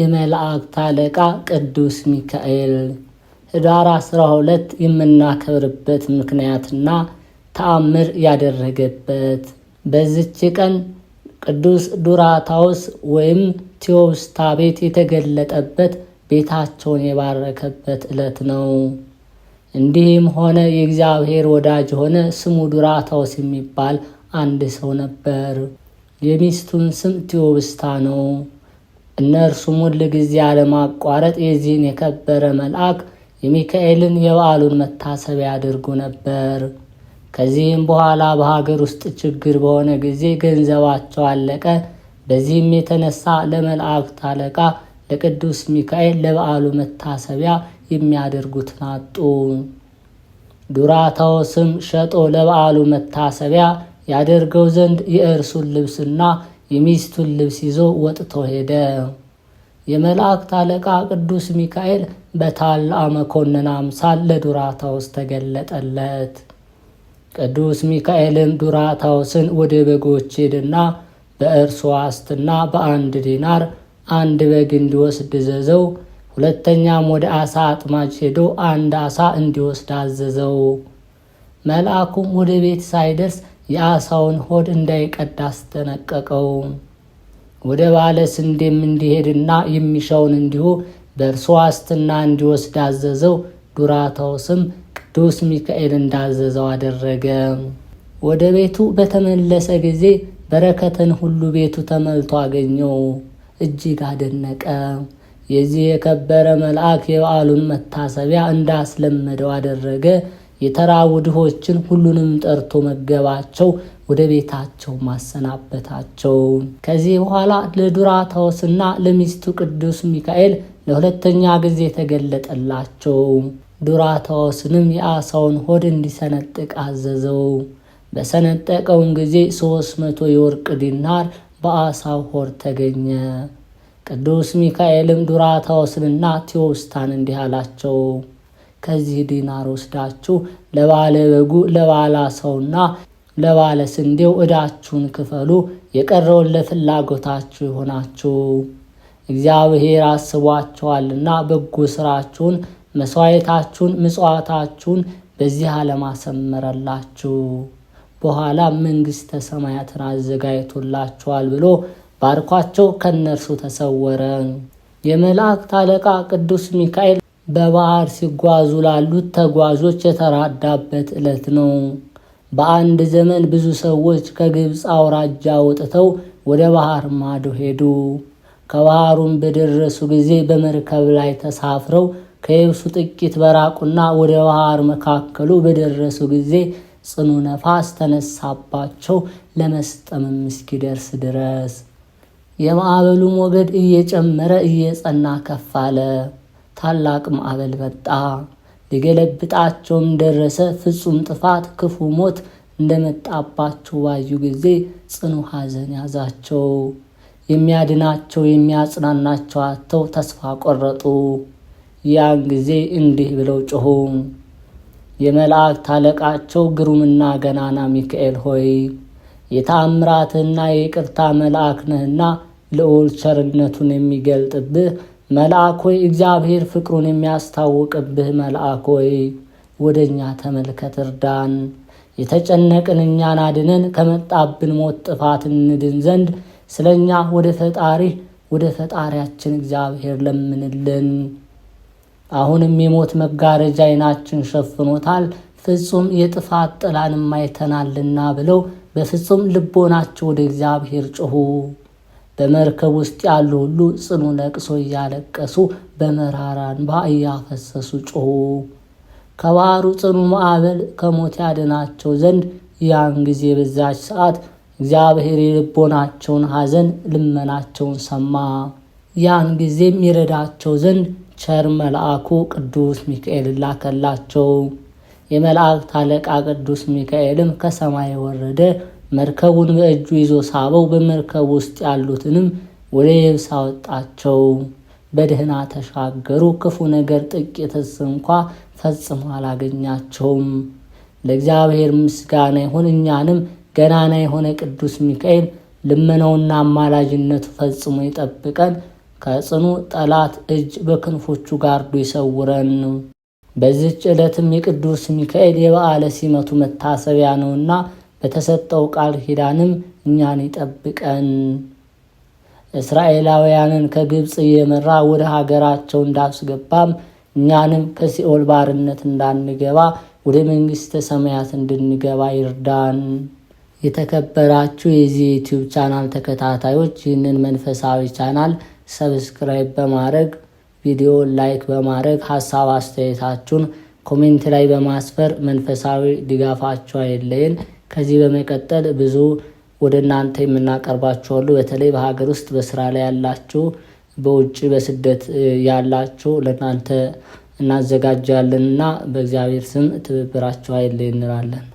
የመላእክት አለቃ ቅዱስ ሚካኤል ህዳር 12 የምናከብርበት ምክንያትና ተአምር ያደረገበት በዚች ቀን ቅዱስ ዱራታውስ ወይም ቴዎስታ ቤት የተገለጠበት ቤታቸውን የባረከበት ዕለት ነው። እንዲህም ሆነ የእግዚአብሔር ወዳጅ ሆነ። ስሙ ዱራታውስ የሚባል አንድ ሰው ነበር። የሚስቱን ስም ቴዎብስታ ነው። እነርሱም ሁል ጊዜ አለማቋረጥ የዚህን የከበረ መልአክ የሚካኤልን የበዓሉን መታሰቢያ ያደርጉ ነበር። ከዚህም በኋላ በሀገር ውስጥ ችግር በሆነ ጊዜ ገንዘባቸው አለቀ። በዚህም የተነሳ ለመላእክት አለቃ ለቅዱስ ሚካኤል ለበዓሉ መታሰቢያ የሚያደርጉትን አጡ። ዱራታዎስም ሸጦ ለበዓሉ መታሰቢያ ያደርገው ዘንድ የእርሱን ልብስና የሚስቱን ልብስ ይዞ ወጥቶ ሄደ። የመላእክት አለቃ ቅዱስ ሚካኤል በታላ መኮንን አምሳል ለዱራታውስ ተገለጠለት። ቅዱስ ሚካኤልም ዱራታውስን ወደ በጎች ሄድና በእርሱ ዋስትና በአንድ ዲናር አንድ በግ እንዲወስድ ዘዘው። ሁለተኛም ወደ አሳ አጥማጅ ሄዶ አንድ አሳ እንዲወስድ አዘዘው። መልአኩም ወደ ቤት ሳይደርስ የአሳውን ሆድ እንዳይቀዳ አስጠነቀቀው። ወደ ባለ ስንዴም እንዲሄድና የሚሻውን እንዲሁ በእርሱ ዋስትና እንዲወስድ አዘዘው። ዱራታውስም ቅዱስ ሚካኤል እንዳዘዘው አደረገ። ወደ ቤቱ በተመለሰ ጊዜ በረከትን ሁሉ ቤቱ ተመልቶ አገኘው። እጅግ አደነቀ። የዚህ የከበረ መልአክ የበዓሉን መታሰቢያ እንዳስለመደው አደረገ። የተራቡ ድሆችን ሁሉንም ጠርቶ መገባቸው፣ ወደ ቤታቸው ማሰናበታቸው። ከዚህ በኋላ ለዱራታዎስና ለሚስቱ ቅዱስ ሚካኤል ለሁለተኛ ጊዜ ተገለጠላቸው። ዱራታዎስንም የአሳውን ሆድ እንዲሰነጥቅ አዘዘው። በሰነጠቀውን ጊዜ ሦስት መቶ የወርቅ ዲናር በአሳው ሆድ ተገኘ። ቅዱስ ሚካኤልም ዱራታዎስንና ቴዎስታን እንዲህ አላቸው ከዚህ ዲናር ወስዳችሁ ለባለ በጉ ለባላ ሰውና ለባለ ስንዴው እዳችሁን ክፈሉ፣ የቀረውን ለፍላጎታችሁ ይሆናችሁ። እግዚአብሔር አስቧችኋልና በጎ ስራችሁን፣ መስዋዕታችሁን፣ ምጽዋታችሁን በዚህ ዓለም አሰመረላችሁ። በኋላ መንግሥተ ሰማያትን አዘጋጅቶላችኋል ብሎ ባርኳቸው ከእነርሱ ተሰወረ። የመላእክት አለቃ ቅዱስ ሚካኤል በባህር ሲጓዙ ላሉት ተጓዦች የተራዳበት ዕለት ነው። በአንድ ዘመን ብዙ ሰዎች ከግብፅ አውራጃ ወጥተው ወደ ባህር ማዶ ሄዱ። ከባህሩም በደረሱ ጊዜ በመርከብ ላይ ተሳፍረው ከየብሱ ጥቂት በራቁና ወደ ባህር መካከሉ በደረሱ ጊዜ ጽኑ ነፋስ ተነሳባቸው ለመስጠምም እስኪደርስ ድረስ። የማዕበሉ ሞገድ እየጨመረ እየጸና ከፍ አለ። ታላቅም ማዕበል መጣ። ሊገለብጣቸውም ደረሰ። ፍጹም ጥፋት፣ ክፉ ሞት እንደመጣባቸው ባዩ ጊዜ ጽኑ ሐዘን ያዛቸው። የሚያድናቸው የሚያጽናናቸው አጥተው ተስፋ ቆረጡ። ያን ጊዜ እንዲህ ብለው ጮኹ። የመላእክት አለቃቸው ግሩምና ገናና ሚካኤል ሆይ የታምራትና የቅርታ መልአክ ነህና ልዑል ቸርነቱን የሚገልጥብህ መልአክ ሆይ እግዚአብሔር ፍቅሩን የሚያስታውቅብህ መልአክ ሆይ ወደ እኛ ተመልከት፣ እርዳን። የተጨነቅን እኛን አድነን፣ ከመጣብን ሞት ጥፋት እንድን ዘንድ ስለ እኛ ወደ ፈጣሪ ወደ ፈጣሪያችን እግዚአብሔር ለምንልን። አሁንም የሞት መጋረጃ ዓይናችን ሸፍኖታል፣ ፍጹም የጥፋት ጥላንም አይተናልና ብለው በፍጹም ልቦናቸው ወደ እግዚአብሔር ጮኹ። በመርከብ ውስጥ ያሉ ሁሉ ጽኑ ለቅሶ እያለቀሱ በመራራ እንባ እያፈሰሱ ጮኹ። ከባህሩ ጽኑ ማዕበል ከሞት ያድናቸው ዘንድ ያን ጊዜ በዛች ሰዓት እግዚአብሔር የልቦናቸውን ሐዘን ልመናቸውን ሰማ። ያን ጊዜም ይረዳቸው ዘንድ ቸር መልአኩ ቅዱስ ሚካኤል ላከላቸው። የመላእክት አለቃ ቅዱስ ሚካኤልም ከሰማይ ወረደ። መርከቡን በእጁ ይዞ ሳበው፣ በመርከብ ውስጥ ያሉትንም ወደ የብስ አወጣቸው። በደህና ተሻገሩ። ክፉ ነገር ጥቂትስ እንኳ ፈጽሞ አላገኛቸውም። ለእግዚአብሔር ምስጋና ይሁን። እኛንም ገናና የሆነ ቅዱስ ሚካኤል ልመናውና አማላጅነቱ ፈጽሞ ይጠብቀን፣ ከጽኑ ጠላት እጅ በክንፎቹ ጋርዶ ይሰውረን። በዚች ዕለትም የቅዱስ ሚካኤል የበዓለ ሲመቱ መታሰቢያ ነውና በተሰጠው ቃል ኪዳንም እኛን ይጠብቀን። እስራኤላውያንን ከግብፅ የመራ ወደ ሀገራቸው እንዳስገባም እኛንም ከሲኦል ባርነት እንዳንገባ ወደ መንግሥተ ሰማያት እንድንገባ ይርዳን። የተከበራችሁ የዚህ ዩቲዩብ ቻናል ተከታታዮች ይህንን መንፈሳዊ ቻናል ሰብስክራይብ በማድረግ ቪዲዮ ላይክ በማድረግ ሀሳብ አስተያየታችሁን ኮሜንት ላይ በማስፈር መንፈሳዊ ድጋፋችሁ አይለየን። ከዚህ በመቀጠል ብዙ ወደ እናንተ የምናቀርባችሁ አሉ። በተለይ በሀገር ውስጥ በስራ ላይ ያላችሁ፣ በውጭ በስደት ያላችሁ ለእናንተ እና በእግዚአብሔር ስም ትብብራችሁ አይለይ እንላለን።